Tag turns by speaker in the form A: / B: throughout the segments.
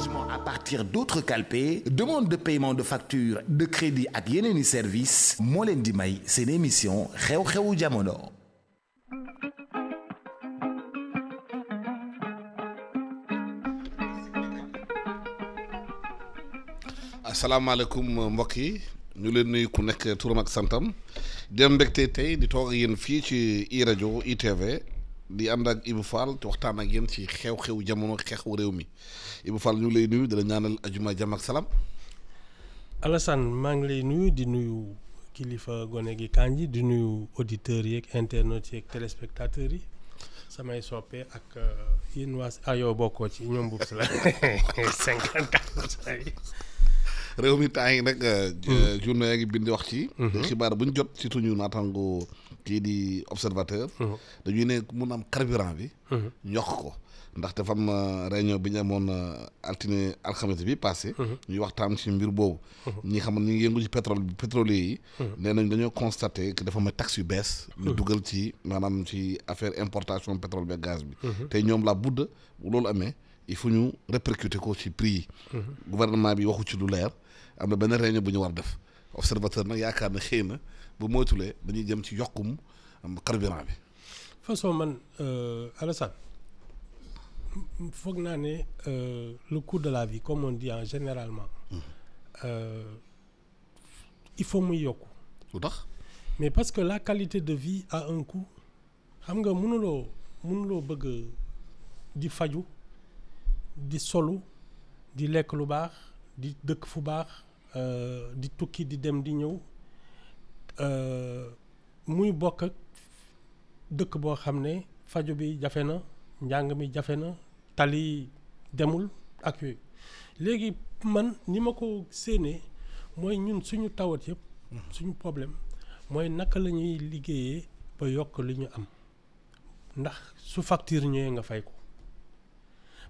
A: logement à partir d'autres calpés demande de paiement de factures, de crédit à Yeneni service moo leen di may c'est émission xew-xewu jamono asalaamaaleykum mbokk yi ñu leen nuyu ku nekk turam ak santam dem mbégte tey di toog yéen fii ci i rajo ITV di ànd ak Ibou Fall te waxtaan ak yéen ci xew-xew jamono xeex xeexu réew mi Ibou Fall ñu lay nuyu dala ñaanal ajuma jàmm ak salaam.
B: Alassane maa ngi lay nuyu di nuyu kilifa gone gi Kandji di nuyu auditeurs yeeg internautes yeeg téléspectateurs yi samay soppe ak euh, yéen waa ayoo bokkoo ci ñoom bu la réew mi temps yi nag. Euh, mm. euh, journaux
A: yaa ngi bind wax ci. Mm-hmm. xibaar bu ñu jot ci suñu natangoo kii di observateur. Mm-hmm. dañuy ne mun am carburant bi. ñox mm-hmm. ko ndax dafa am euh, réunion bi ñu amoon altine alxames bi passé. ñuy waxtaan ci mbir boobu. ñi xam ne ñu ngi yëngu ci pétrole bi pétrolier yi. nee nañ dañoo constaté que dafa am taxe yu bees. ñu dugal ci maanaam ci affaire importation pétrole bi gaz bi. tey ñoom la budd loolu amee. il faut ñu répercuter ko ci prix yi. gouvernement bi waxu ci lu leer. amna na benn réunion bu ñu war def observateur nag yaakaar na xëy na bu moytulee dañuy jëm ci yokkum carburant bi.
B: façon man euh, Alassane foog naa ne euh, le coût de la vie comme on dit en généralement. Mm-hmm. Euh, il faut muy yokku. lu tax. mais parce que la qualité de vie a un coût xam nga mënuloo mënuloo bëgg di faju di solu di lekk lu baax di dëkk fu baax. Euh, di tukki di dem di ñëw euh, muy bokk ak dëkk boo xam ne fajo bi jafe na njàng mi jafe na tali demul ak yooyu léegi man ni ma ko séenee mooy ñun suñu tawat yëpp mhm. suñu problème mooy naka la ñuy liggéeyee ba yokk li ñu am ndax su facture ñëwee nga fay ko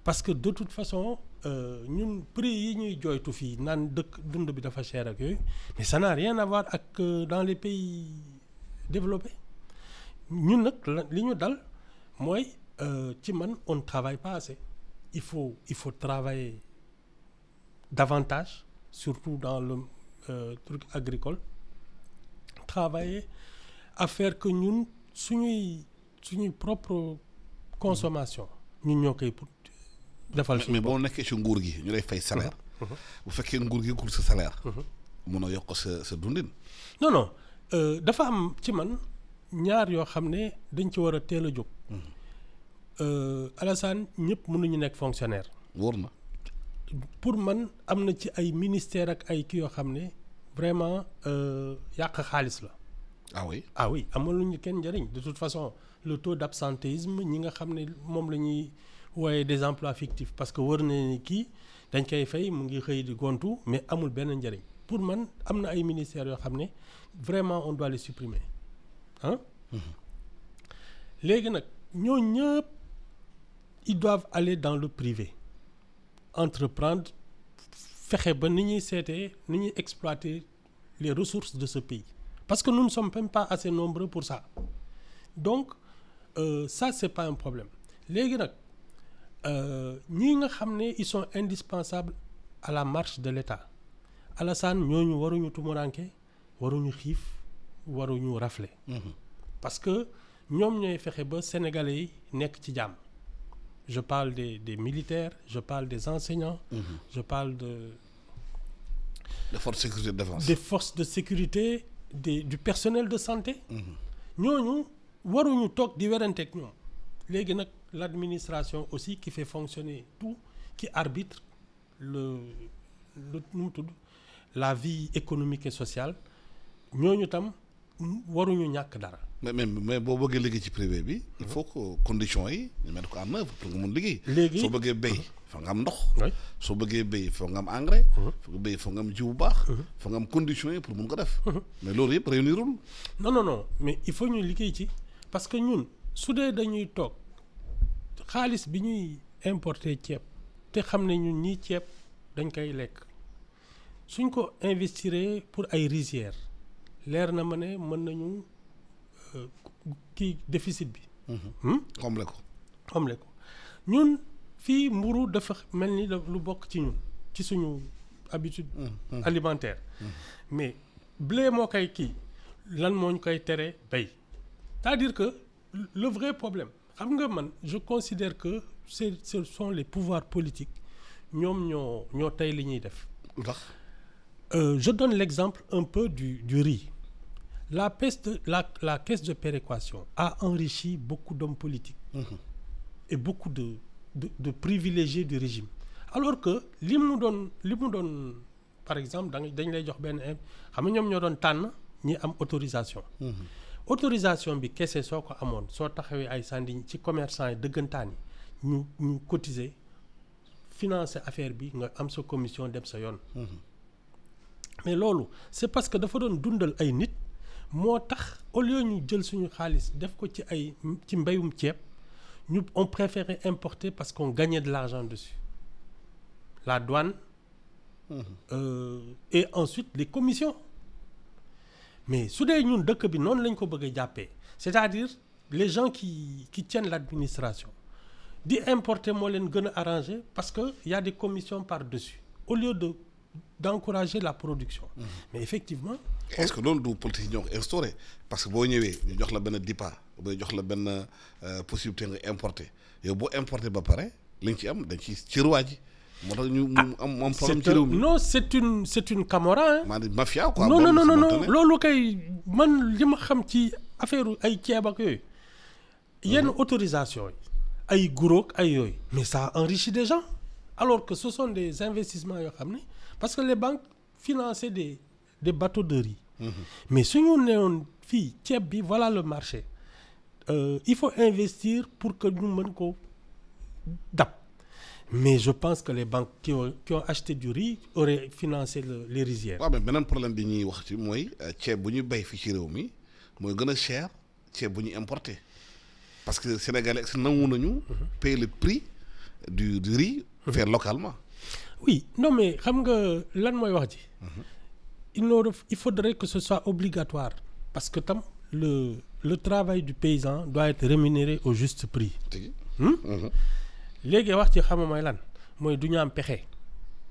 B: parce que de toute façon euh, nous, prix yi ñuy tout fi nan deuk dund bi dafa cher ak mais ça n'a rien à voir avec euh, dans les pays développés Nous, nak li ñu dal euh, on ne travaille pas assez il faut il faut travailler davantage surtout dans le truc agricole travailler à faire que ñun suñuy suñuy propre consommation ñun ñokay defal mais boo
A: nekkee ci nguur gi ñu lay fay salaire. Uh-huh. Uh-huh. bu fekkee nguur gi gul sa salaire. Uh-huh. mun a yokk sa sa
B: dundin. non euh, dafa am ci man ñaar yoo xam ne dañ ci war a teel a jóg. Euh, Alassane ñëpp mënuñu nekk fonctionnaire. wóor na. pour man am na ci ay ministère ak ay kii yoo xam ne vraiment euh, yàq xaalis la. ah oui ah oui amaluñu kenn njëriñ de toute façon le taux d'absentéisme ñi nga xam ne moom la ñuy. ou des emplois fictifs parce que vous ne ni pas dañ koy fay mu ngi xëy di gontu mais amul benn njëriñ pour man am ay ministères yoo xam ne vraiment on doit les supprimer Hein? Mm-hmm. léegi ñëpp ils doivent aller dans le privé entreprendre faire ba ni ñuy exploiter les ressources de ce pays parce que nous ne sommes même pas assez nombreux pour ça donc euh, ça c'est pas un problème léegi euh, ñii nga ils sont indispensables à la marche de l'État Alassane ñooñu waruñu tumuranke waruñu devons waruñu rafle mhm. parce que nous, ñooy fexe ba sénégalais yi nekk ci jàmm je parle des des militaires je parle des enseignants mhm. je parle de
A: des forces de sécurité des
B: forces de sécurité des du personnel de santé mhm. ñooñu waruñu toog di weranteeg ñoom léegi nag l'administration aussi qui fait fonctionner tout, qui arbitre le, le nous la vie économique et sociale ñooñu tam waruñu ñàkk dara.
A: mais mais mais boo bëggee liggéey ci privé bi. il faut que conditions yi ñu mettre ko en œuvre pour nga mun liggéey. léegi soo bëggee béy fa nga am ndox. soo bëggee béy fa nga am engrais. Mhm. fa nga béy fa nga am jiw bu baax. Mhm. fa nga conditions pour mun ko def. Mhm. mais loolu yëpp réunirul.
B: non non non mais il faut ñu liggéey ci parce que ñun su dee dañuy toog xaalis bi ñuy importer ceeb te xam ne ñun ñii ceeb dañ koy lekk suñ ko investir pour ay rizières leer na ma ne mën nañu euh, kii déficit bi. Mhm. Hmm? xomle ko xomle ko ñun fii mburu dafa mel ni lu bokk ci ñun ci suñu habitude. Mhm. Mhm. alimentaire. mais blé moo koy kii lan moo ñu koy tere bay c'est-à-dire que le vrai problème je considère que ce sont les pouvoirs politiques nyom euh, je donne l'exemple un peu du riz la peste la caisse de péréquation a enrichi beaucoup d'hommes politiques. Hum, hum. et beaucoup de de de privilégiés du régime. alors que lim nous donne par exemple dans lay jox autorisation. Hum, autorisation bi kessé soko amone so taxawé ay sandi ci commerçants yi ñu ñu cotiser financer affaire bi nga am sa commission dem sa mhm. mais lolu c'est parce que dafa doon dundal ay nit motax au lieu ñu jël suñu xaliss def ko ci ay ci mbayum ciép ñu on préférait importer parce qu'on gagnait de l'argent dessus la douane. Mhm. Euh, et ensuite les commissions mais si nous avons dëkk bi c'est-à-dire les gens qui qui tiennent l'administration d'importer, importer leen arranger parce qu'il y a des commissions par-dessus au lieu de d'encourager la production. Mmh. mais effectivement.
A: est-ce que nous devons politique parce que si nous avons des la benn départ nous jox la euh, possibilité d'importer. Et si importer ba ci am
B: non c'est une c'est une hein. mafia quoi. non non non non kay man autorisation mais ça enrichit des gens. alors que ce sont des investissements parce que les banques finançaient des bateaux de riz. Mhm. mais suñu on est fii bi voilà le marché. Euh, il faut investir pour que nous mën ko mais je pense que les banques qui ont, acheté du riz auraient financé les rizières. Ah mais le problème que nous wax ci que
A: si on ñu béy riz, ci réew cher ceeb bu importer. parce que sénégalais nous qui payer le prix du du riz. faire mhm. localement.
B: oui non mais xam nga lan mooy wax mhm. il il faudrait que ce soit obligatoire parce que tam le le travail du paysan doit être rémunéré au juste prix léegi wax ci xamuma mooy lan moy du am pexé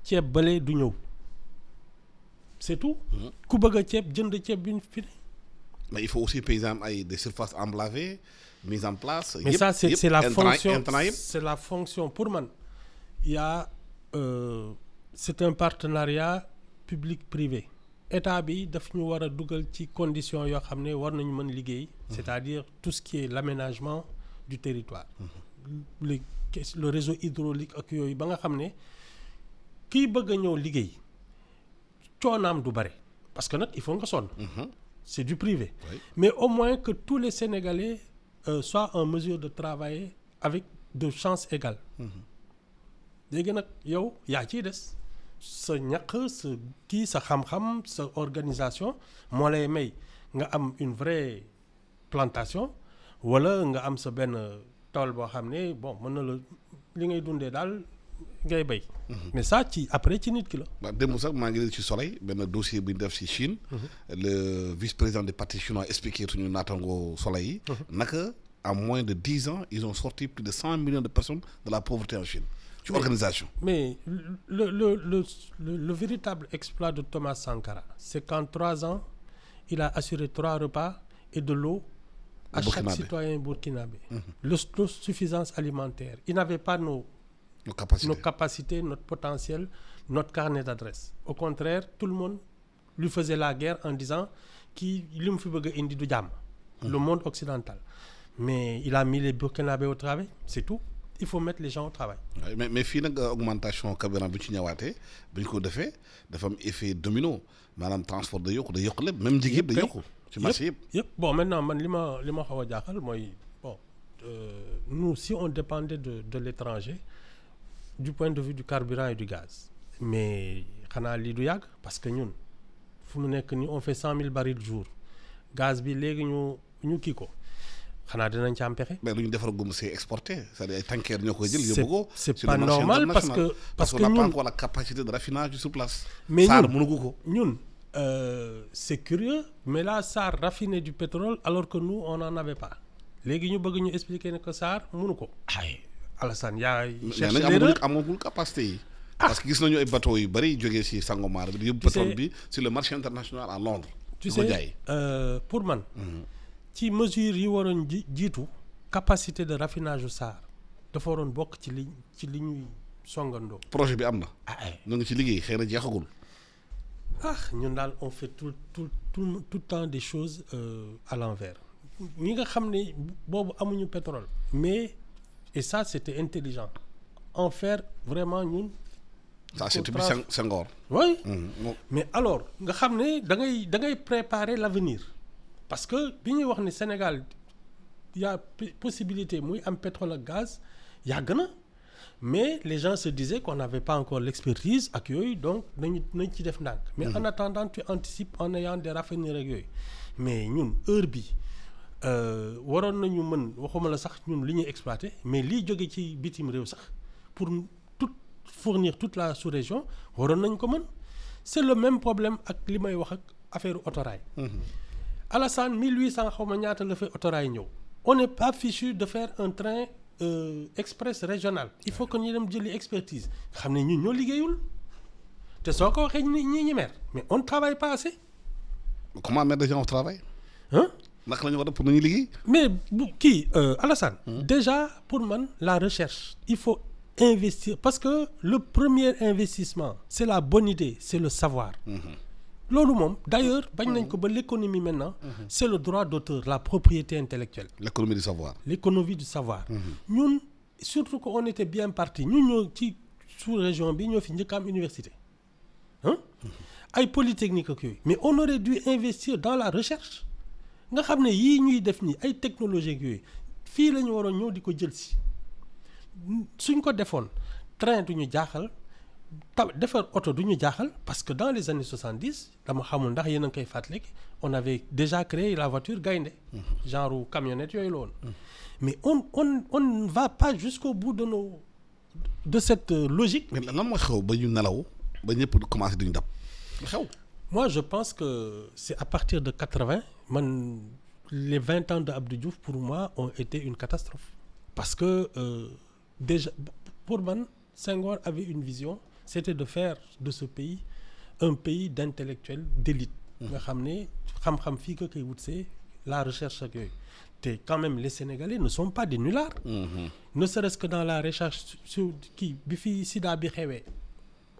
B: ci bële du ñëw c'est tout. Hmm. ku bëgg a jënd ceeb bi fi.
A: mais il faut aussi par exemple ay des surfaces emblavées mises en
B: place. mais ça c'est c'est la fonction c'est la fonction pour man y a euh, c'est un partenariat public privé. état bi daf ñu wara duggal ci conditions yo xamné war nañu mën liggéey. Hmm. c'est-à-dire tout ce qui est l'aménagement du territoire. Hmm le réseau hydraulique ak yooyu ba nga xam ne kii bëgg a ñëw liggéey coonaam du bare parce que nag il faut nga sonn mhm. c'est du privé mais au moins que tous les Sénégalais euh, soient en mesure de travailler avec de chances égales mhm. léegi nag yow yaa ciy des sa ñaq sa kii sa xam-xam sa organisation moo lay may nga am une vraie plantation wala nga am sa benn tol bo xamné bon mën na la li ngay dundé mhm. mais
A: ça ci après ci nit ki la. waaw bah, démb sax ma ngi leen soleil mhm. le dossier bi def Chine. le vice président des partis chinois expliqué suñu natango soleil mhm. naka en moins de dix ans ils ont sorti plus de 100 millions de personnes de la pauvreté en Chine. vois organisation.
B: mais le le véritable exploit de Thomas Sankara. c'est qu'en trois ans il a assuré trois repas et de l'eau
A: à chaque citoyen
B: burkinabé. Mm -hmm. L'autosuffisance alimentaire. il n'avait pas nos, capacités. notre potentiel, notre carnet d'adresse. Au contraire, tout le monde lui faisait la guerre en disant qu'il qui indi du mhm. le monde occidental. Mais il a mis les burkinabés au travail, c'est tout. il faut mettre les gens au travail.
A: mais mais a une euh, augmentation de la ci de bi il y a un effet domino Madame transport de yoko, de yoko même jigéen de yoko. C'est
B: bon maintenant ma euh, nous si on dépendait de l'étranger du point de vue du carburant et du gaz mais on parce que nous, on fait cent mille barils jour gaz bi nous ñu ñu kiko dinañ
A: mais nous ñu c'est exporté cest pas normal parce que parce que nous
B: la capacité de raffinage sur place. mais euh, c'est curieux mais là Sarr raffiné du pétrole alors que nous on en avait pas léegi ñu bëgg ñu expliquer ne que Sarr mënu ko ay Alassane yaa cherche l'erreur
A: amagul capacité yi ah. parce que gis nañu ay bateau yu bëri jógee si Sangomar bi yóbbu pétrole bi sur le marché international à Londres
B: tu sais euh, pour man mhm. ci mesure yi waroon ji jiitu capacité de raffinage Sarr dafa waroon bokk ci li ci li ñuy songandoo projet
A: bi am na ah, eh. ñu ngi ci liggéey xëy na
B: ah ñun on fait tout tout tout tout le temps des choses euh, à l'envers Nous, nga xam ne pétrole mais et ça c'était intelligent en faire vraiment ñun ça c'était bi Senghor oui mm-hmm. mais alors nga xam ne préparer l'avenir parce que bi ñuy wax au Sénégal y a possibilité muy am pétrole et gaz il y a na mais les gens se disaient qu'on n'avait pas encore l'expertise à yooyu donc on nañ ci def mais mhm. en attendant tu anticipes en ayant des raffineries rek mais nous heure bi euh, nous nañu mën waxuma la sax ñun li mais lii qui ci bitim nous sax pour tout fournir toute la sous-région nañ ko c'est le même problème avec li may wax ak affaire autorail mhm. Alassane 1800 la fay autorail on n'est pas fichu de faire un train euh, express régional il faut que nous une l'expertise. expertise On ne ñoo mais on travaille pas assez.
A: comment mettre des gens au travail.
B: Hein? mais qui? Euh, Alassane. Hum. déjà pour moi, la recherche. il faut investir parce que le premier investissement. c'est la bonne idée c'est le savoir. Hum, hum d'ailleurs bagn nañ ko ba l'économie maintenant mhm. c'est le droit d'auteur la propriété intellectuelle l'économie du savoir l'économie du savoir mhm. ñun surtout qu'on était bien parti ñun ñoo ci sous-région bi ñoo fi comme université Hein? Mhm. ay polytechnique ak mais on aurait dû investir dans la recherche nga xamné ne ñuy def ni ay technologie ak yoy fi la waro waroon ñëw jël si suñ ko defoon train jaaxal parce que dans les années 70 on avait déjà créé la voiture Gaïnée, genre camionnette mais on on on ne va pas jusqu'au bout de nos de cette logique mais moi je pense que c'est à partir de 80 les 20 ans de Diouf pour moi ont été une catastrophe parce que euh, déjà pour moi Senghor avait une vision c'était de faire de ce pays un pays d'intellectuels d'élite mmh. nga la recherche quand même les sénégalais ne sont pas des nullards mmh. ne serait-ce que dans la recherche sur qui,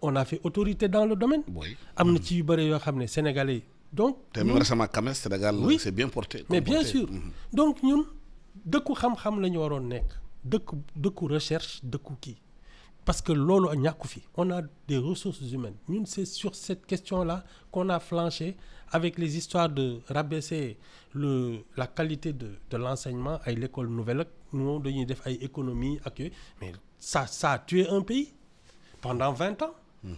B: on a fait autorité dans le domaine mmh. sénégalais donc mais bien sûr donc recherche parce que l'on on a des ressources humaines c'est sur cette question-là qu'on a flanché avec les histoires de rabaisser le la qualité de l'enseignement à l'école nouvelle Nous on l'économie def économie mais ça ça a tué un pays pendant 20 ans mm-hmm.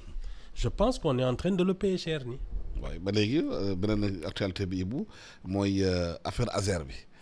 B: je pense qu'on est en train de le payer cher Oui,
A: mais euh, euh, affaire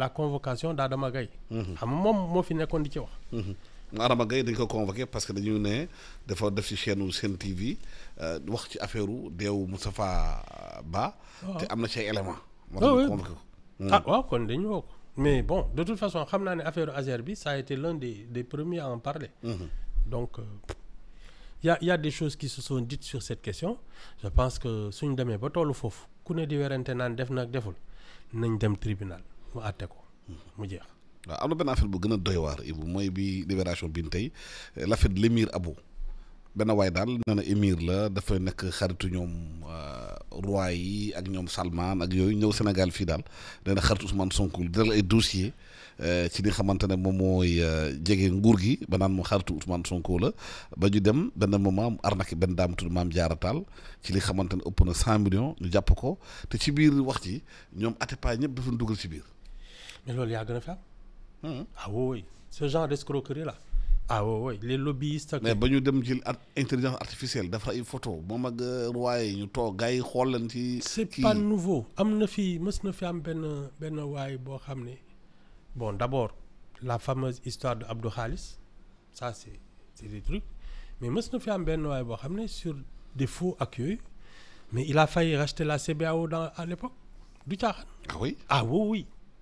B: la convocation d'Adama à mon fin de moo fi nekkoon di
A: mhm. Adama Gaye convoqué parce que nous ne dafa def ci chaîne Sen TV euh, wax ci
B: affaire de Moussafa Ba. te am na un élément. éléments. mais bon de toute façon je sais que affaire Azer ça a été l'un des premiers à en parler. Mhm. donc euh, il y a des choses qui se sont dites sur cette question je pense que suñ demee ba pas foofu ku ne di werante naan def nag deful nañ dem tribunal. mu àtte ko mu jeex.
A: waaw am na benn affaire bu gën a doy waar Ibou mooy bi libération bi tey l'affaire l'émir Abou benn waay daal nee émir la dafa nekk xaritu ñoom euh, roi yi ak ñoom Salman ak yooyu ñëw Sénégal fii daal nee na xaritu Ousmane Sonko euh, ci li xamante ne moom mooy euh, jege nguur gi ba naan moom xaritu Ousmane Sonko la ba ñu dem benn moment mu arnaqué benn daam Maam Jaara Taal ci li xamante ne ëpp na cent million ñu jàpp ko te ci biir wax ci ñoom Atepa ñëpp dafa dugal ci biir.
B: mais là, il y a fi femme. ah oui ce genre d'escroquerie là.
A: ah oui les lobbyistes. mais quand on dem ci intelligence artificielle dafa ay photo moom ak
B: waaye ñu toog qui. c'est pas nouveau am na fi mës fi am bon d'abord la fameuse histoire de Khalis ça c'est c'est des trucs mais il y a am femme qui a sur des faux accueils. mais il a failli racheter la CBAO dans à l'époque du ah oui ah oui oui.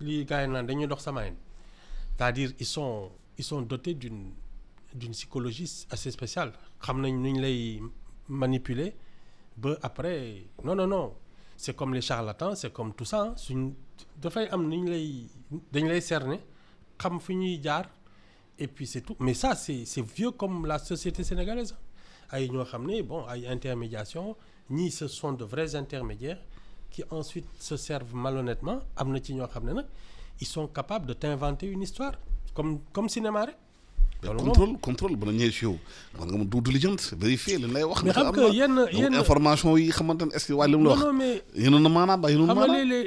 B: li c'est-à-dire ils sont ils sont dotés d'une d'une psychologie assez spéciale xam nañ les manipuler après non non non c'est comme les charlatans c'est comme tout ça hein. suñ fay am nuñ lay dañ lay cerner xam et puis c'est tout mais ça c'est c'est vieux comme la société sénégalaise ay ñoo xamné bon ay intermédiation ni ce sont de vrais intermédiaires qui ensuite se servent malhonnêtement ci ñoo ils sont capables de t'inventer une histoire comme comme cinéma rek.
A: contrôle contrôle bu la ñëwee si yow war nga mu dugg diligence vérifier li lay wax. mais xam que yenn yenn information yi xamante est-ce que waa li mu wax. non mais yéen a na a maanaam.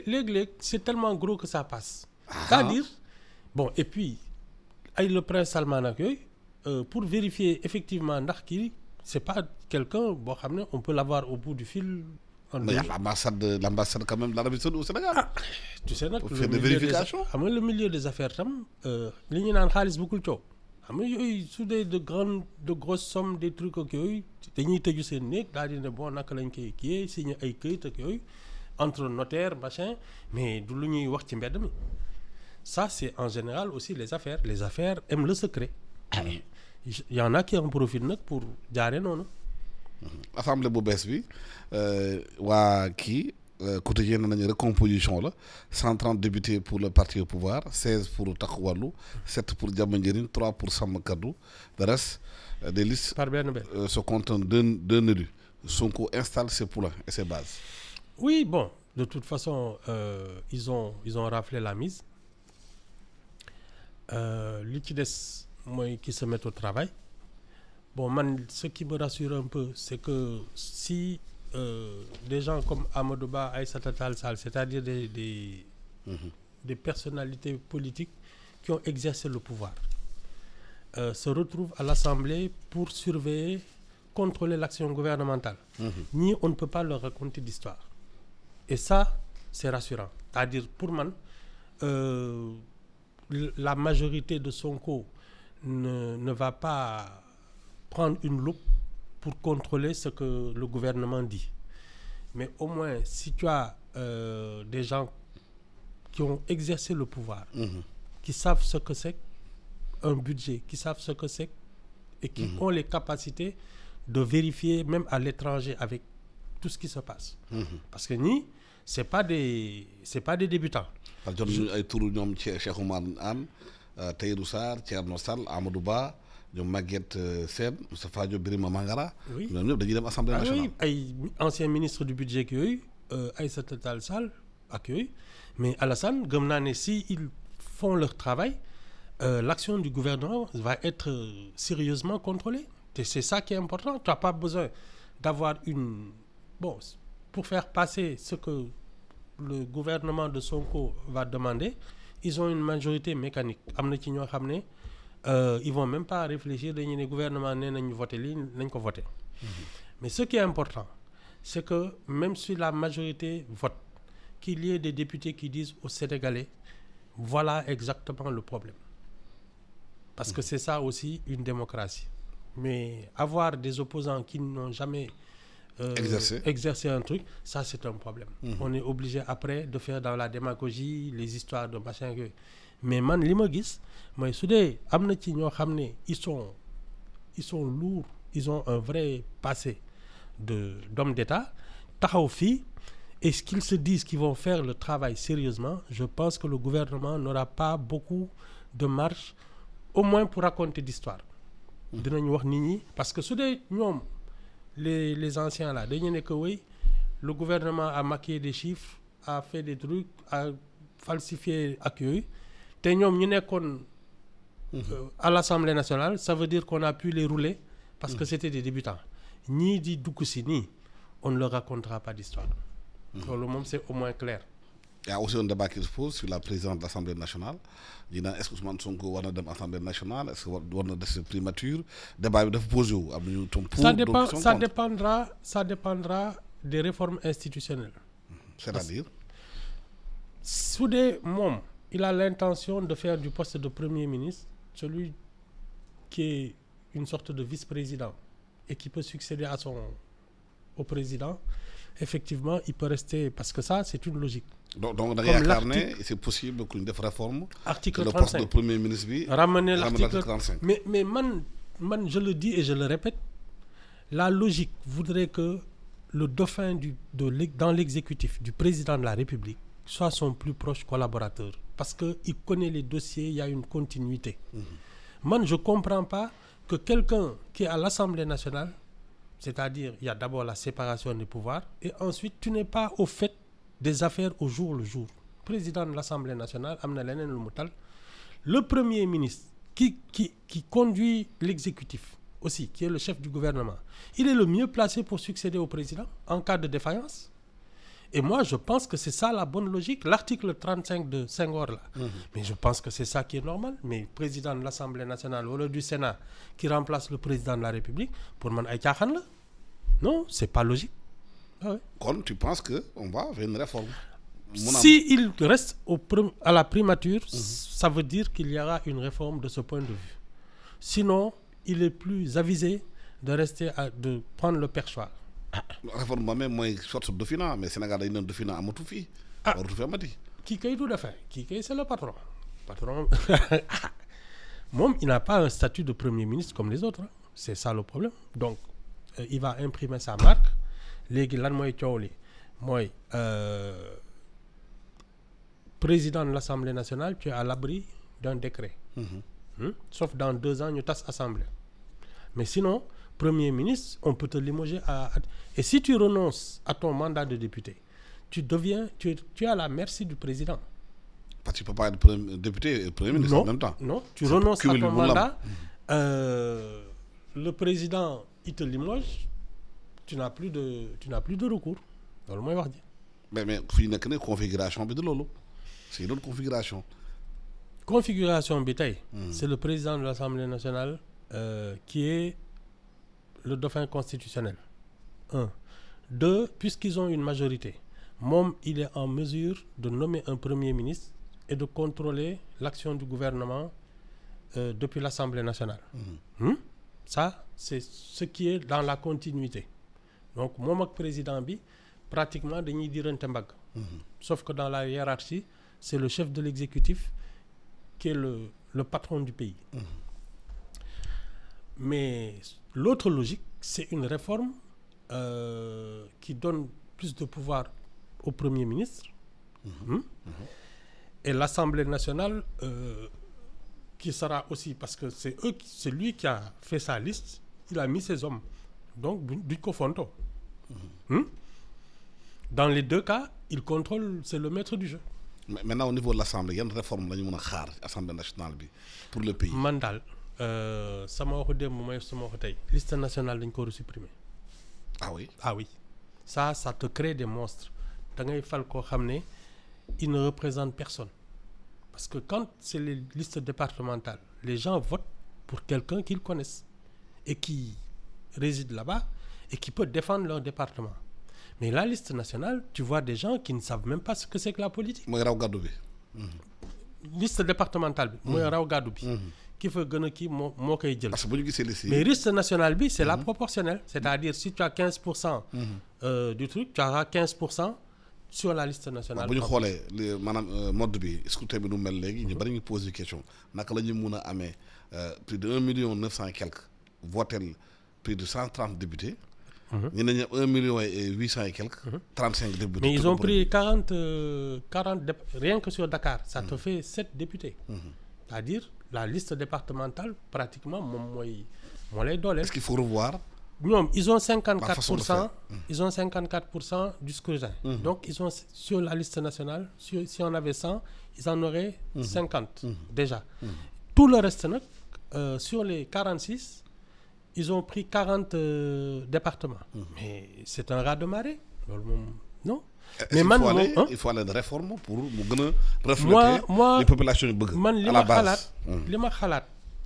B: xam c'est tellement gros que ça passe. Ah. c'est-à-dire bon et puis ay le prince Salman ak euh, pour vérifier effectivement ndax kii c'est pas quelqu'un boo on peut l'avoir au bout du fil. Oh,
A: l'ambassade, l'ambassade quand même de l'Arabie Saoudite au Sénégal. Ah, tu
B: sais, nak, pour des vérifications. Des, le milieu des affaires, tam, euh, l'Union en Khalis beaucoup de yoy des de grandes, de grosses sommes, des trucs, ok, dañuy tëju sen nek dal dina bon nak lañ koy kiyee signé ay këyit ak yoy entre notaire machin mais du lu ñuy wax ci mbedd mi ça c'est en général aussi les affaires les affaires aiment le secret ah il y en a qui en profitent nak pour dire non
A: la femme de Bobesvi, qui wa ki quotidien recomposition 130 députés pour le parti au pouvoir 16 pour takwalu 7 pour jamandirine 3 pour Samakadou. le reste euh, des listes euh, se comptent d'un d'un Son sonko installe ses poulains et ses bases
B: oui bon de toute façon euh, ils ont ils ont raflé la mise euh, l'utilité qui se met au travail Bon, ce qui me rassure un peu, c'est que si euh, des gens comme Amadouba, Aïssa Sal, c'est-à-dire des, mhm. des, personnalités politiques qui ont exercé le pouvoir, euh, se retrouvent à l'Assemblée pour surveiller, contrôler l'action gouvernementale, mhm. ni on ne peut pas leur raconter d'histoire. Et ça, c'est rassurant. C'est-à-dire, pour moi, euh, la majorité de son co ne va pas prendre une loupe pour contrôler ce que le gouvernement dit. Mais au moins, si tu as euh, des gens qui ont exercé le pouvoir, mhm. qui savent ce que c'est un budget, qui savent ce que c'est et qui mhm. ont les capacités de vérifier même à l'étranger avec tout ce qui se passe. Mhm. Parce que ni c'est pas des c'est pas des débutants
A: de Maguette euh, Birima Mangara. oui assemblée ah nationale.
B: ancien ministre du budget ak euh Aïssata Tall Sall ak mais Alassane gëm si ils font leur travail euh, l'action du gouvernement va être sérieusement contrôlée Et c'est ça qui est important tu n'as pas besoin d'avoir une bon pour faire passer ce que le gouvernement de Sonko va demander ils ont une majorité mécanique amna ci ñoo xamné euh, ils vont même pas réfléchir de les gouvernement nee nañu voté mhm. mais ce qui est important c'est que même si la majorité vote qu'il y ait des députés qui disent aux Sénégalais voilà exactement le problème parce que mhm. c'est ça aussi une démocratie mais avoir des opposants qui n'ont jamais euh, exercé un truc, ça c'est un problème. Mhm. On est obligé après de faire dans la démagogie les histoires de machin. Que mais man li gis moy soudé amna ci ils sont ils sont lourds ils ont un vrai passé de d'homme d'État taxaw fi est ce qu'ils se disent qu'ils vont faire le travail sérieusement je pense que le gouvernement n'aura pas beaucoup de marche au moins pour raconter d'histoire dinañ wax parce que soudé ñom les les anciens là dañu le gouvernement a maquillé des chiffres a fait des trucs a falsifié accueilli te nous ñu euh, à l'Assemblée nationale ça veut dire qu'on a pu les rouler parce que c'était des débutants ni dit dugg ni on ne leur racontera pas d'histoire pour le moment c'est au moins clair
A: Il y a aussi un débat qui se pose sur la présidence de l'Assemblée nationale. Est-ce que Ousmane Sonko va dans l'Assemblée nationale Est-ce qu'il va de cette primature débat pose ça, dépend, ça,
B: dépendra, ça dépendra des réformes institutionnelles. C'est-à-dire Sous des membres, il a l'intention de faire du poste de Premier ministre celui qui est une sorte de vice-président et qui peut succéder à son, au président, effectivement, il peut rester, parce que ça, c'est une logique.
A: Donc, donc c'est possible qu'une réforme, article le poste de Premier ministre, ramener l'article 35. Mais,
B: mais je le dis et je le répète, la logique voudrait que le dauphin dans l'exécutif du président de la République soit son plus proche collaborateur. Parce qu'il connaît les dossiers, il y a une continuité. Moi, mhm. je ne comprends pas que quelqu'un qui est à l'Assemblée nationale, c'est-à-dire il y a d'abord la séparation des pouvoirs, et ensuite tu n'es pas au fait des affaires au jour le jour. Président de l'Assemblée nationale, Amna le Premier ministre qui, qui, qui conduit l'exécutif aussi, qui est le chef du gouvernement, il est le mieux placé pour succéder au président en cas de défaillance. Et moi, je pense que c'est ça la bonne logique. L'article 35 de Senghor, là. Mhm. Mais je pense que c'est ça qui est normal. Mais le président de l'Assemblée nationale ou le du Sénat qui remplace le président de la République, pour moi, là. Non, c'est pas logique.
A: Comme ah tu penses qu'on va faire une réforme si
B: il reste à la primature, mhm. ça veut dire qu'il y aura une réforme de ce point de vue. Sinon, il est plus avisé de rester de prendre le perchoir
A: réforme ba amee sur de dauphinat mais Sénégal a naan dauphinat à fii. ah qui qui
B: qui kay du dafa qui kay c'est le patron patron Mom, il n'a pas un statut de premier ministre comme les autres hein. c'est ça le problème donc euh, il va imprimer sa marque Les euh, président de l'Assemblée nationale tu es à l'abri d'un décret. Mm-hmm. Hmm? sauf dans deux ans ñu tasse assemblée mais sinon. Premier ministre, on peut te limoger à, Et si tu renonces à ton mandat de député, tu deviens, tu, as es à la merci du président.
A: Parce tu ne peux pas être député et Premier ministre en même temps. Non, tu renonces à ton mandat.
B: Euh, le président, il te limoge, tu n'as plus, de, tu plus de recours.
A: Mais, mais il n'y a qu'une configuration de Lolo. C'est une autre configuration.
B: Configuration bétail, hmm. c'est le président de l'Assemblée nationale euh, qui est le dauphin constitutionnel. Un. Deux, puisqu'ils ont une majorité, Mom, il est en mesure de nommer un Premier ministre et de contrôler l'action du gouvernement euh, depuis l'Assemblée nationale. Mmh. Mmh. Ça, c'est ce qui est dans la continuité. Donc, Mom, le président, bi, pratiquement, de dire mmh. Sauf que dans la hiérarchie, c'est le chef de l'exécutif qui est le, patron du pays. Mais l'autre logique, c'est une réforme euh, qui donne plus de pouvoir au Premier ministre mhm. Hein, mhm. et l'Assemblée nationale euh, qui sera aussi, parce que c'est lui qui a fait sa liste, il a mis ses hommes. Donc, du cofonto. Mhm. Hein. Dans les deux cas, il contrôle, c'est le maître du jeu. Maintenant,
A: au niveau de l'Assemblée, il y a une réforme, pour le pays. Mandal.
B: Euh, m'a waxu sama liste nationale est ko ah oui ah oui ça ça te crée des monstres da ngay fal le ramener, il ne représente personne parce que quand c'est les listes départementales les gens votent pour quelqu'un qu'ils connaissent et qui réside là-bas et qui peut défendre leur département mais la liste nationale tu vois des gens qui ne savent même pas ce que c'est que la politique raw liste départementale bi qui fait gagner qui kii et que mais liste nationale c'est c'est la mhm. proportionnelle. cest à dire si tu as 15 mhm. euh, du truc tu auras 15 sur la liste nationale. Bonjour ñu
A: xoolee maanaam euh, mode bi scrutin bi nu mel légui, ñu bari ñu question naka la ñu mun a euh, plus de 1 million 900 et quelque votel plus de 130 députés. Mhm. ñu en a 1 million et 800 quelque. 35 députés. mais ils ont pris
B: 40 40 rien que sur Dakar. ça te fait 7 députés c'est-à-dire la liste départementale pratiquement mon moyen est-ce qu'il faut revoir. Non, ils ont 54 hum. ils ont 54 du scrutin. Hum. donc ils ont sur la liste nationale si on avait 100 ils en auraient. 50 hum. déjà. tout le reste euh, sur les 46 ils ont pris 40 euh, départements. mais c'est un rat de marée non mais hein?
A: il faut aller réforme pour refléter les populations bëgg à
B: la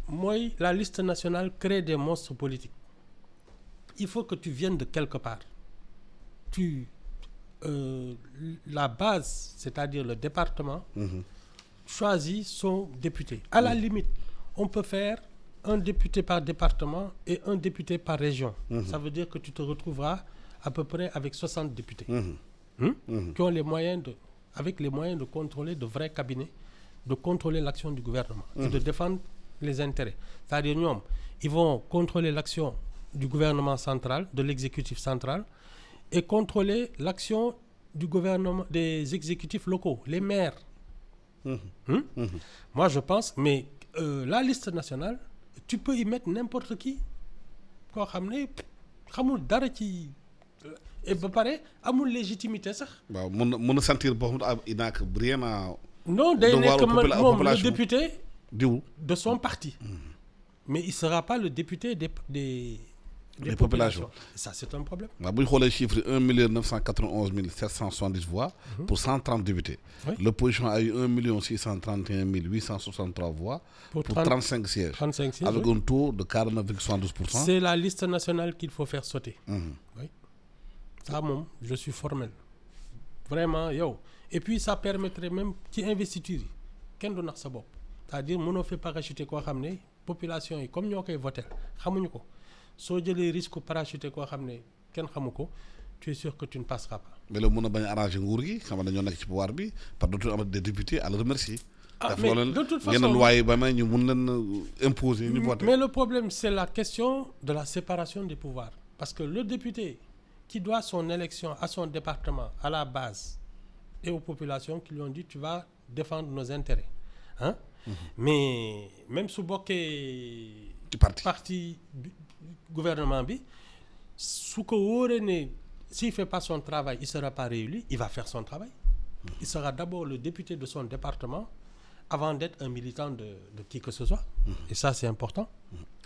B: hmm. la liste nationale crée des monstres politiques il faut que tu viennes de quelque part tu euh, la base c'est-à-dire le département hmm. choisit son député à la hmm. limite on peut faire un député par département et un député par région ça veut dire que tu te retrouveras à peu près avec 60 députés Hein? Mhm. qui ont les moyens de, avec les moyens de contrôler de vrais cabinets, de contrôler l'action du gouvernement et de mhm. défendre les intérêts. C'est-à-dire, ils vont contrôler l'action du gouvernement central, de l'exécutif central, et contrôler l'action du gouvernement, des exécutifs locaux, les maires. Mhm. Hein? Moi, je pense, mais euh, la liste nationale, tu peux y mettre n'importe qui. Quoi, ramener, et ba pare amul légitimité ça.
A: waaw mon na mun na sentir boo à a naa à. vraiment.
B: non day nekk le député.
A: de
B: son parti. mais il sera pas le député des des. des populations ça c'est un problème.
A: waaw vous ñu xoolee chiffre un million neuf cent voix. Mhm. pour cent députés. L'opposition a eu un million six voix. pour 35 sièges avec un taux de quarante C'est
B: la liste nationale qu'il faut faire sauter. Mhm. oui je suis formel vraiment yo. et puis ça permettrait même qu'il investiture yi kenn donne sa c'est-à-dire mënoo fait parachuter quoi xam population est comme ñoo koy voté Si ko soo jëlee risque parachuter racheter xamu ko tu es sûr que tu ne passeras pas.
A: mais le monde na bañ a arrangé pouvoir par des députés à le remercier. ah mais de toute façon il loi a ba loi ñu imposer. mais
B: le problème c'est la question de la séparation des pouvoirs parce que le député qui doit son élection à son département, à la base, et aux populations qui lui ont dit tu vas défendre nos intérêts. Hein? Mhm. Mais même sous boké parti, parti gouvernement bi, sous s'il fait pas son travail, il sera pas réélu, il va faire son travail. Il sera d'abord le député de son département avant d'être un militant de, qui que ce soit. Et ça, c'est important.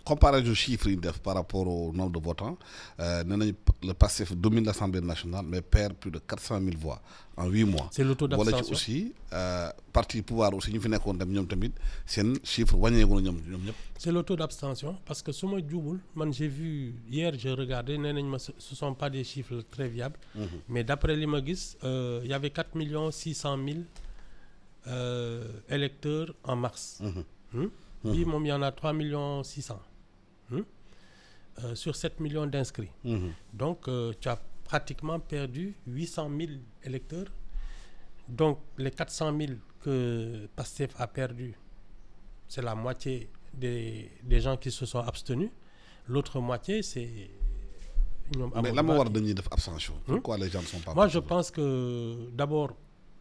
A: Comparé aux chiffres par rapport au nombre de votants, euh, le passif domine l'Assemblée nationale, mais perd plus de 400 000 voix en 8 mois. C'est le taux d'abstention. aussi, euh, parti pouvoir aussi, c'est un chiffre
B: C'est le taux d'abstention, parce que ce moi, j'ai vu, hier, j'ai regardé, ce ne sont pas des chiffres très viables, mhm. mais d'après les il euh, y avait 4 600 000 euh, électeurs en mars. Mhm. Hmm? Mhm. il y en a 3 600 hmm? euh, sur 7 millions d'inscrits. Mhm. Donc, euh, tu as pratiquement perdu 800 000 électeurs. Donc, les 400 000 que PASTEF a perdu, c'est la moitié des, gens qui se sont abstenus. L'autre moitié, c'est. Mais la abstention. Hmm? Pourquoi les gens ne sont pas. Moi, je pense que d'abord,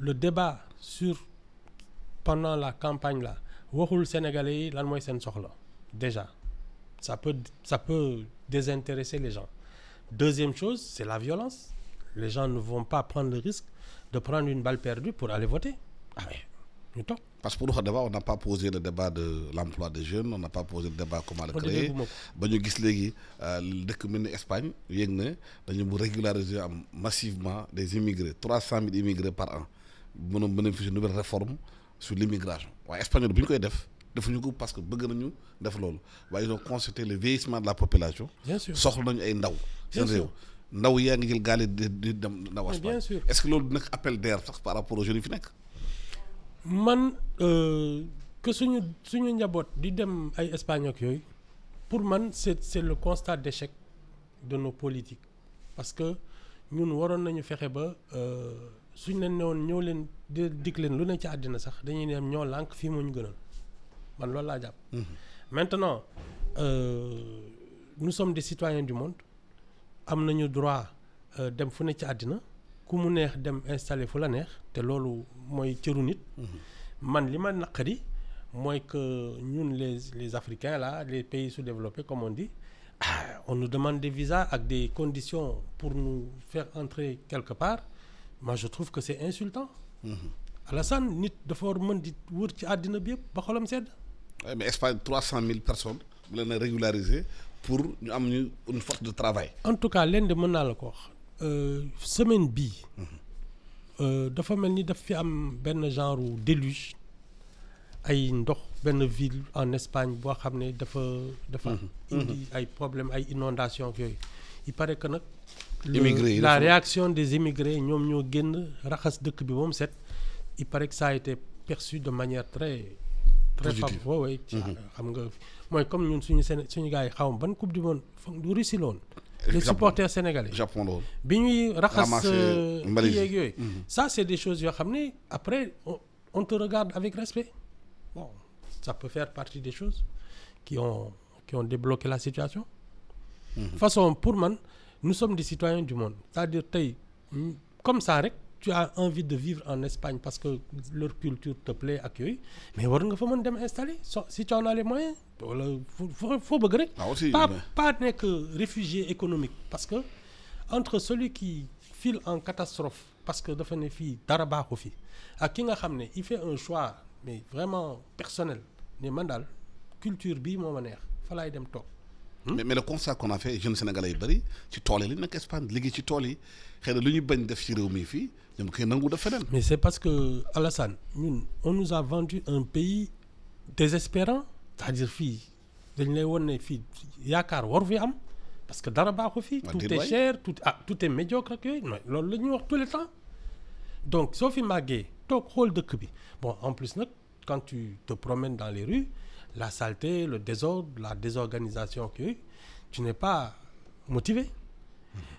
B: le débat sur pendant la campagne là waxul sénégalais lan déjà ça peut ça peut désintéresser les gens deuxième chose c'est la violence les gens ne vont pas prendre le risque de prendre une balle perdue pour aller voter ah
A: parce que pour nous, on n'a pas posé le débat de l'emploi des jeunes on n'a pas posé le débat comment le créer Quand on a que massivement des immigrés 300 000 immigrés par an mën a bénéficier nouvelle réforme sur l'immigration waaye espagnol bu ñu koy def defuñu ko parce que bëgg nañu def loolu waaye ils ont constaté le vieillissement de la population. bien sûr soxla nañu ay ndaw. seen réew ndaw yaa ngi jël gaale di di dem bien sûr est-ce que loolu nag appel d'air par rapport aux jeunes yi fi nekk.
B: man euh, que suñu suñu njaboot di dem ay Espagnol yooyu pour man c'est c'est le constat d'échec de nos politiques parce que ñun waroon nañu fexe ba. Euh, suñ leen ne woon ñëw leen di dig leen lu ne ci àddina sax dañuy dem ñoo lànk fii moo ñu gënal man loolu laa jàpp. Mhm. maintenant euh, nous sommes des citoyens du monde am nañu droit euh, dem fu ne ci àddina ku mu neex dem installé fu la neex te loolu mooy cëru nit. Mhm. man li ma naqari mooy que ñun les les africains là les pays sous-développés comme on dit. Ah, on nous demande des visas avec des conditions pour nous faire entrer quelque part moi je trouve que c'est insultant. Mhm. Alassane nit de ci ba xolam mais Espagne 300 000 personnes bu
A: pour amener une force de travail.
B: en tout cas l'un de mon accord, la euh, semaine dernière, mhm. euh, dafa mel ni daf fi am genre déluge ay une ville en Espagne boo dafa. dafa mhm. problème inondation il paraît que immigrés la réaction des immigrés ñom ñoo génn raxas dëkk bi set il paraît que ça a été perçu de manière très.
A: très favorable waaw mhm.
B: xam nga comme ñun suñu suñu gars yi ban coupe du monde du Russie loon. les supporters sénégalais Japon loolu. bi ñuy raxas euh, mhm. ça c'est des choses yo xamné après on te regarde avec respect bon ça peut faire partie des choses qui ont qui ont débloqué la situation. Mhm. façon pour man nous sommes des citoyens du monde c'est-à-dire mm, comme ça tu as envie de vivre en Espagne parce que leur culture te plaît accueille mais war nga fa pas installer si tu en as les moyens il faut rek ah, pas pas que réfugié économique parce que entre celui qui file en catastrophe parce que dafa ne des dara fi ak il fait un choix mais vraiment personnel ne culture bi moo ma
A: Hmm? mais le constat qu'on a fait sénégalais
B: mais c'est parce que Alassane on nous a vendu un pays désespérant c'est-à-dire fi dañ lay fi war fi parce que dara baaxu fi. tout est cher ah, tout est médiocre tout le temps donc sauf bi bon en plus quand tu te promènes dans les rues la saleté, le désordre, la désorganisation que eu, tu n'es pas motivé.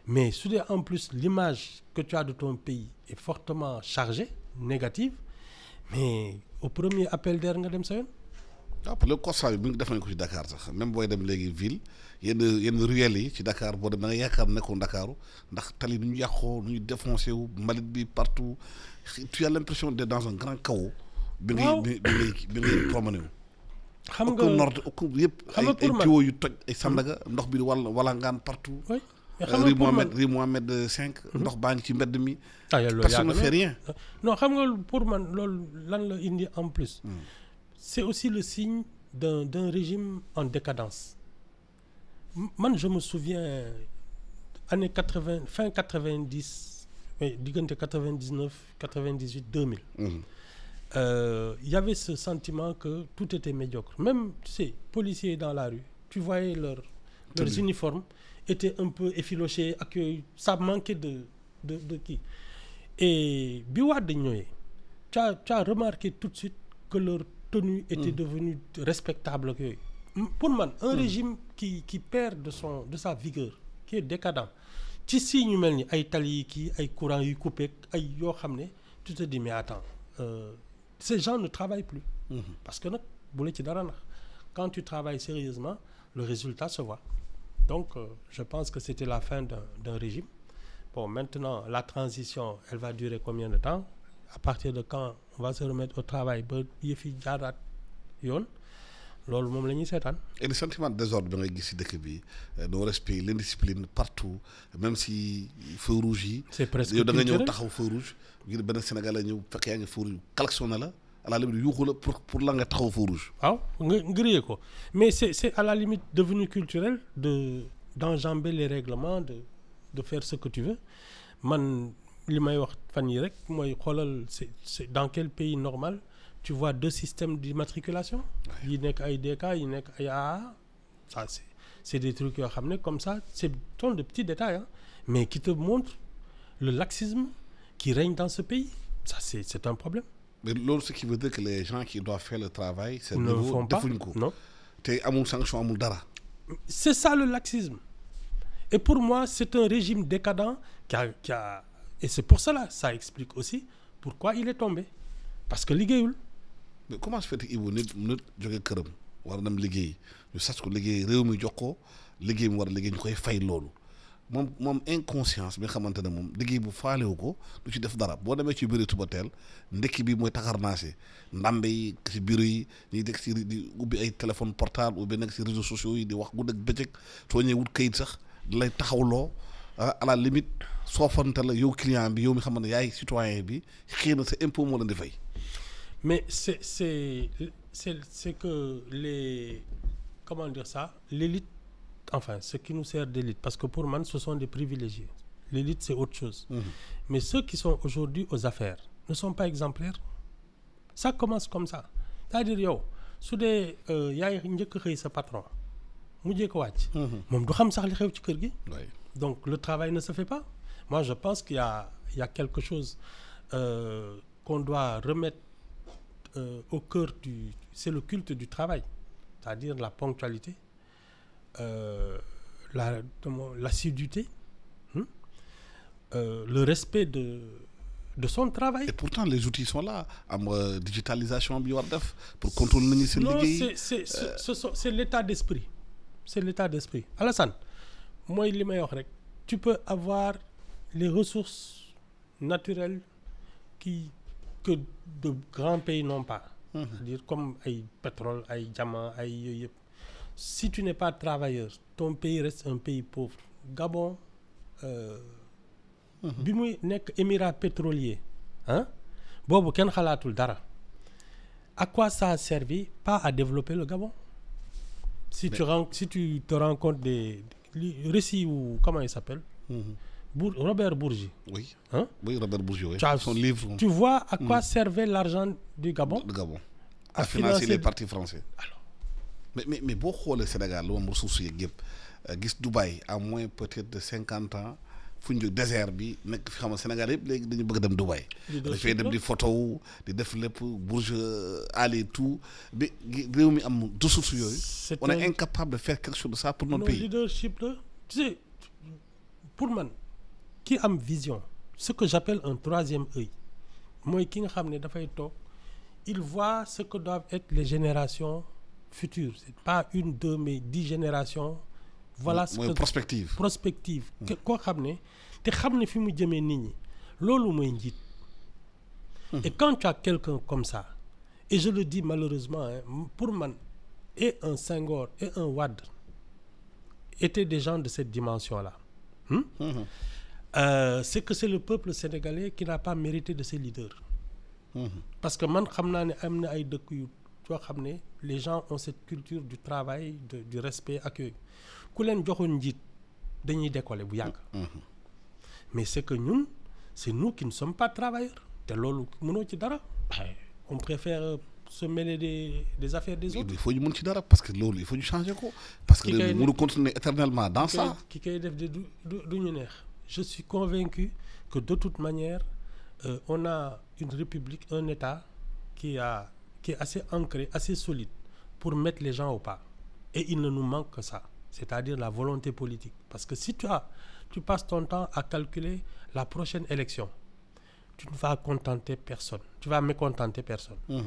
B: Mais si en plus l'image que tu as de ton pays est fortement chargée, négative, mais au premier appel d'air, nga dem
A: ah, pour le constat bi suis def Dakar sax même booy dem léegi ville yenn yenn ruelles ruelle ci Dakar boo dem da à Dakar, nekkoon ndax tali nu ñu yàqoo défoncé partout tu as l'impression d'être dans un grand chaos. Tu ngay xam nga nord ku yëpp ay ay tuyaux yu toj ay Sandaga hmm? ndox bi wala wala ngaan partout ri euh, Mohamed ri Mohamed 5 euh, hmm? ndox baa ci mbedd mi ah, personne ne fait rien
B: non xam nga pour man loolu lan la indi en plus hmm. c'est aussi le signe d'un d'un régime en décadence man je me souviens année 80 fin 90 digante 99 98 2000 il euh, y avait ce sentiment que tout était médiocre. Même, tu sais, policiers dans la rue, tu voyais leur, leurs uniformes étaient un peu effilochés, accueillis. Ça manquait de, de, qui Et Biwa tu as, remarqué tout de suite que leur tenue était mm. devenue respectable. Pour moi, un mm. régime qui, perd de, son, de sa vigueur, qui est décadent, tu signes ay a qui ay courant coupé tu te dis mais attends euh, ces gens ne travaillent plus. Mhm. parce que quand tu travailles sérieusement le résultat se voit donc euh, je pense que c'était la fin d'un régime bon maintenant la transition elle va durer combien de temps à partir de quand on va se remettre au travail et
A: le sentiment de désordre euh, dans l'église de si le bi respect l'indiscipline partout même si il rouge rougir, c'est presque a des gens qui ont feu rouge à la limite pour pour la nga taxaw rouge.
B: Ah, grillé quoi. mais c'est c'est à la limite devenu culturel de d'enjamber les règlements de de faire ce que tu veux man wax rek c'est dans quel pays normal tu vois deux systèmes d'immatriculation. il nekk ay DK il ay ça c'est c'est des trucs comme ça c'est tant de petits détails hein. mais qui te montre le laxisme qui règne dans ce pays ça c'est un problème mais loolu ce qui veut dire
A: que les gens qui doivent faire le travail. c'est ne le font pas defuñ sanction dara.
B: c'est ça le laxisme et pour moi c'est un régime décadent qui qui a et c'est pour cela ça explique aussi pourquoi il est tombé parce que liggéeyul.
A: mais comment se fait il nit nit jóge que war na dem liggéey ñu sas ko que réew mi jox ko liggéey mu war a koy fay loolu mom moom inconscience bi xamantene mom ne moom bu faalewu ko du ci def dara bo demee ci bureau tuba hotel ndekki bi moy taxarnacé ndàmbe yi ci bureau yi ni dék ci di ubbi ay téléphone portable ubbi nekk ci réseaux sociaux yi di wax guddeeg bëccëg soo ñëwee wut kayit sax lay taxawlo ah, à la limite soofante la yow client bi yow mi xamantene yaay citoyen bi xëy sa impôt mo la di fay.
B: mais c'est c'est c'est c'est que les comment dire ça l'élite enfin, ce qui nous sert d'élite, parce que pour moi, ce sont des privilégiés. L'élite, c'est autre chose. Mhm. Mais ceux qui sont aujourd'hui aux affaires ne sont pas exemplaires. Ça commence comme ça. C'est-à-dire, yo, soudain, y y a patron un ko mhm. Il donc le travail ne se fait pas. moi je pense qu'il y a y a quelque chose euh, qu'on doit remettre euh, au cœur du c'est le culte du travail c'est-à-dire la ponctualité. Euh, l'assiduité, la, hein,
A: euh, le respect de, de son travail. Et pourtant, les outils sont là. Ah, digitalisation, BioArdef, pour contrôler le ministère
B: c'est l'état d'esprit. C'est l'état d'esprit. Alassane, moi, il est meilleur. Tu peux avoir les ressources naturelles qui, que de grands pays n'ont pas. Hum. dire comme le pétrole le diamant le si tu n'es pas travailleur, ton pays reste un pays pauvre. Gabon, euh, mhm. bi n'est pétrolier Hein dara à quoi ça a servi pas à développer le Gabon. si tu te rends compte des récits ou comment il s'appelle. Mhm. Robert Bourgi.
A: Hein? Oui. Robert Bourgi, oui. Tu, tu vois à quoi mhm.
B: servait l'argent du Gabon Le Gabon. À, financer, financer, les partis
A: français. Alors, mais mais mais beaucoup xoolee Sénégal lu moom ressource ce gis Dubaï à moins peut-être de 50 ans fuñu désert bi nek fi xam Sénégal yépp légui dañu bëgg dem Dubaï. fay dem di photo di def lepp Burj euh, Ali tout bi réew mi am ressource yooyu. on est incapable de faire quelque chose de ça pour notre pays.
B: leadership tu sais pour man ki am vision ce que j'appelle un troisième œil moy ki nga xam da fay tok il voit ce que doivent être les générations. Futur, c'est pas une, deux, mais dix générations. Voilà ce que. Prospective. Prospective. Quoi mm. Tu mm-hmm. Et quand tu as quelqu'un comme ça, et je le dis malheureusement, hein, pour man, et un Senghor, et un Wad, étaient des gens de cette dimension-là. Hmm? Mm-hmm. Euh, c'est que c'est le peuple sénégalais qui n'a pas mérité de ses leaders. Mm-hmm. Parce que man, je sais tu vois, les gens ont cette culture du travail du respect à on dit que dit, dañuy décoller bu mm-hmm. mais c'est que nous, c'est nous qui ne sommes pas travailleurs bah, on préfère euh, se mêler des affaires des autres. il faut ñu parce que il faut changer parce que nous monde
A: continuer éternellement dans ça.
B: je suis convaincu que de toute manière euh, on a une république un État qui a qui est assez ancré, assez solide pour mettre les gens au pas. Et il ne nous manque que ça, c'est-à-dire la volonté politique. Parce que si tu, as, tu passes ton temps à calculer la prochaine élection, tu ne vas contenter personne. Tu vas mécontenter personne. Mmh.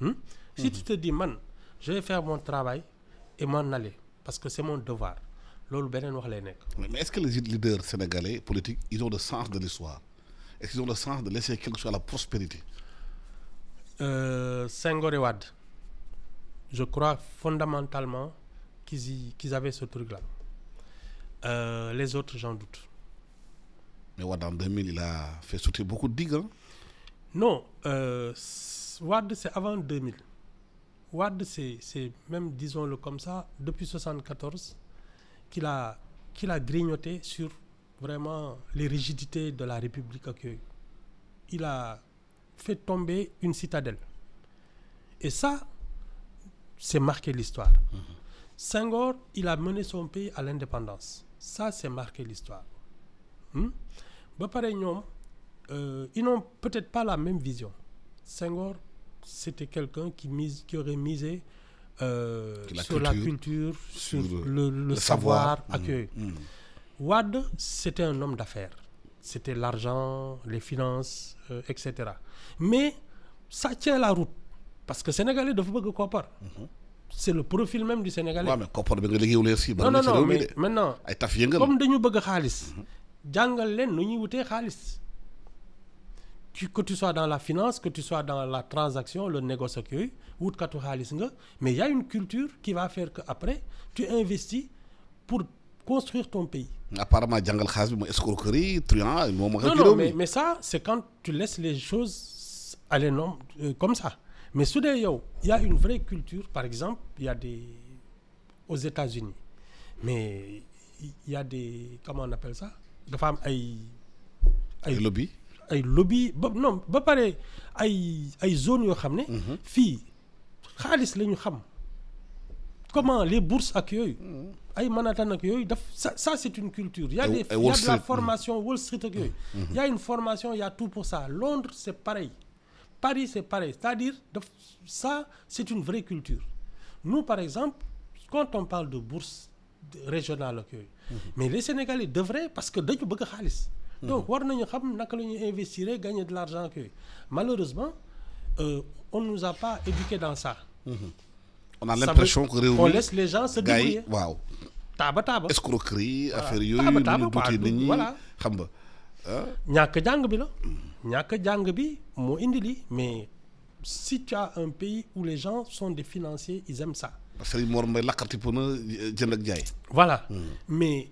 B: Hum? Mmh. Si tu te dis, man, je vais faire mon travail et m'en aller, parce que c'est mon devoir. Mais
A: est-ce que les leaders sénégalais politiques, ils ont le sens de l'histoire Est-ce qu'ils ont le sens de laisser quelque chose à la prospérité
B: euh, Senghor et Wad je crois fondamentalement qu'ils avaient ce truc-là. Euh, les autres, j'en doute.
A: Mais Wad en 2000,
B: il a fait sauter beaucoup de digues. Hein? Non, euh, c'est avant 2000. Wad c'est même, disons-le comme ça, depuis 1974, qu'il a, qu'il a grignoté sur vraiment les rigidités de la République. Il a fait tomber une citadelle. Et ça, c'est marqué l'histoire. Mhm. Senghor, il a mené son pays à l'indépendance. Ça, c'est marqué l'histoire. Hmm? Euh, ils n'ont peut-être pas la même vision. Senghor, c'était quelqu'un qui, aurait misé euh, sur la culture, sur, le, savoir, mhm. Mhm. c'était un homme d'affaires c'était l'argent, les finances, euh, etc. Mais ça tient la route. Parce que Sénégalais dafa bëgg koppar. Mhm. c'est le profil même du Sénégalais. Non, mais
A: koppar bi nga liggéeyul si. non non non mais maintenant.
B: ay comme dañu bëgg Khalis, mhm. nous leen nu ñuy que tu sois dans la finance, que tu sois dans la transaction, le négoce que mais il y a une culture qui va faire qu'après, tu investis pour construire ton pays.
A: apparemment jàngal xaalis bi mooy escroquerie truand moom ak. non non mais mais
B: ça c'est quand tu laisses les choses aller non euh, comme ça mais soudain, il y' a une vraie culture par exemple il y' a des aux États-Unis mais il y' a des comment on appelle ça les femmes. ay. lobbies, lobby ay lobby non pas pareil. ay ay zones yoo xam ne. Khalis, les les comment les bourses accueillent ça c'est une culture. il y a de la formation mm-hmm. Wall Street mm-hmm. il y a une formation il y a tout pour ça Londres c'est pareil Paris c'est pareil c'est-à-dire ça c'est une vraie culture nous par exemple quand on parle de bourse régionale mm-hmm. mais les Sénégalais devraient parce que dañu bëgg xaalis. donc war nañu xam naka la ñuy gagner de l'argent malheureusement on euh, on nous a pas éduqué dans ça on a l'impression que on laisse les gens se débrouiller Waouh Taba taba.
A: escroquerie affaire tout taaba taaba nit ñi xam nga.
B: Ah. ñak jang bi la. ñak jang bi mo indi mais si tu as un pays où les gens sont des financiers ils aiment ça.
A: parce que Mor pour euh, jënd ak jaay.
B: voilà hmm. mais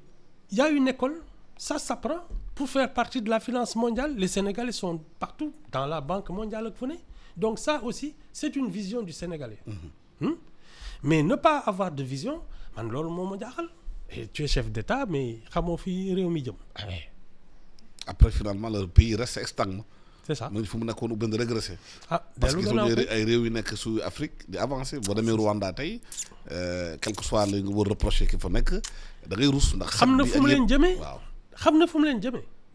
B: il y a une école ça s'apprend pour faire partie de la finance mondiale les Sénégalais sont partout dans la banque mondiale donc ça aussi c'est une vision du Sénégalais. Hum? mais ne pas avoir de vision man lol et tu es chef d'État mais comment fi au mi ah après finalement
A: le pays reste extinct. c'est ça Mais fu mu nous benn ah, parce que ay réew yu nekk sous Afrique d'avancer. avancé boo Rwanda euh, quel que soit le reproche qu'il qu'il faut fa ne da ngay rus ndax.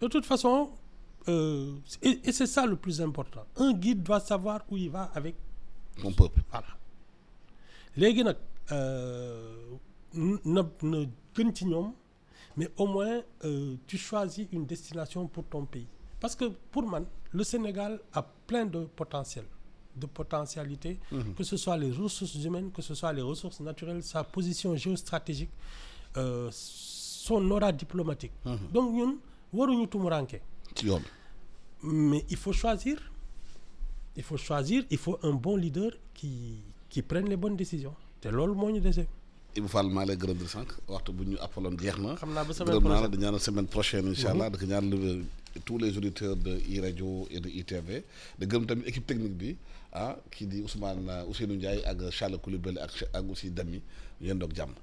B: de toute façon euh, et, et c'est ça le plus important un guide doit savoir où il va avec. son peuple voilà. Les nous euh, na mais au moins euh, tu choisis une destination pour ton pays parce que pour moi, le Sénégal a plein de potentiel de potentialité mhm. que ce soit les ressources humaines que ce soit les ressources naturelles sa position géostratégique euh, son aura diplomatique mhm. donc ñun waruñu mais il faut choisir il faut choisir il faut un bon leader qui qui prennent les bonnes décisions
A: te loolu moo ñu dese. Ibou Fall maa lay gërëm di sànq waxtu bu ñu àppaloon jeex na. xam naa ba semaine la di ñaanal semaine prochaine incha allah mhm. di ko tous les auditeurs de iRadio et de ITV De gërëm tamit équipe technique bi ah kii di Ousmane euh, Ousseynou Ndiaye ak Charles Coulibaly ak ak aussi Dami yéen doog jàmm.